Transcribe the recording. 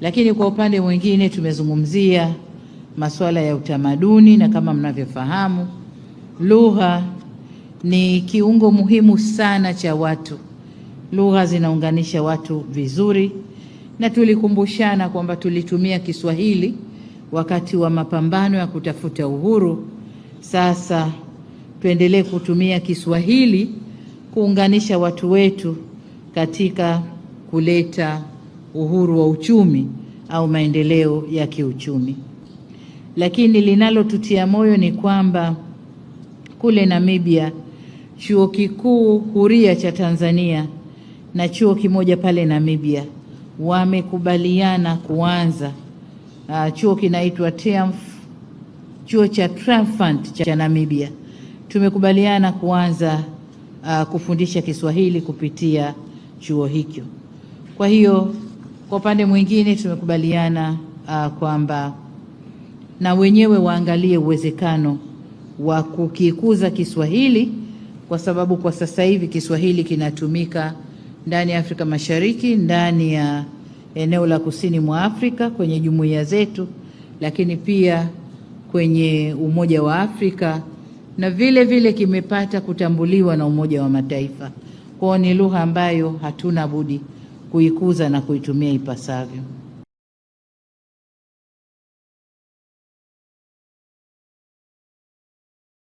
Lakini kwa upande mwingine tumezungumzia masuala ya utamaduni, na kama mnavyofahamu, lugha ni kiungo muhimu sana cha watu. Lugha zinaunganisha watu vizuri, na tulikumbushana kwamba tulitumia Kiswahili wakati wa mapambano ya kutafuta uhuru. Sasa tuendelee kutumia Kiswahili kuunganisha watu wetu katika kuleta uhuru wa uchumi au maendeleo ya kiuchumi. Lakini linalotutia moyo ni kwamba kule Namibia chuo kikuu huria cha Tanzania na chuo kimoja pale Namibia wamekubaliana kuanza uh, chuo kinaitwa TEAMF, chuo cha Triumphant cha Namibia. Tumekubaliana kuanza uh, kufundisha Kiswahili kupitia chuo hicho. Kwa hiyo kwa upande mwingine tumekubaliana uh, kwamba na wenyewe waangalie uwezekano wa kukikuza Kiswahili kwa sababu kwa sasa hivi Kiswahili kinatumika ndani ya Afrika Mashariki, ndani ya eneo la kusini mwa Afrika kwenye jumuiya zetu, lakini pia kwenye Umoja wa Afrika na vile vile kimepata kutambuliwa na Umoja wa Mataifa. Kwao ni lugha ambayo hatuna budi kuikuza na kuitumia ipasavyo.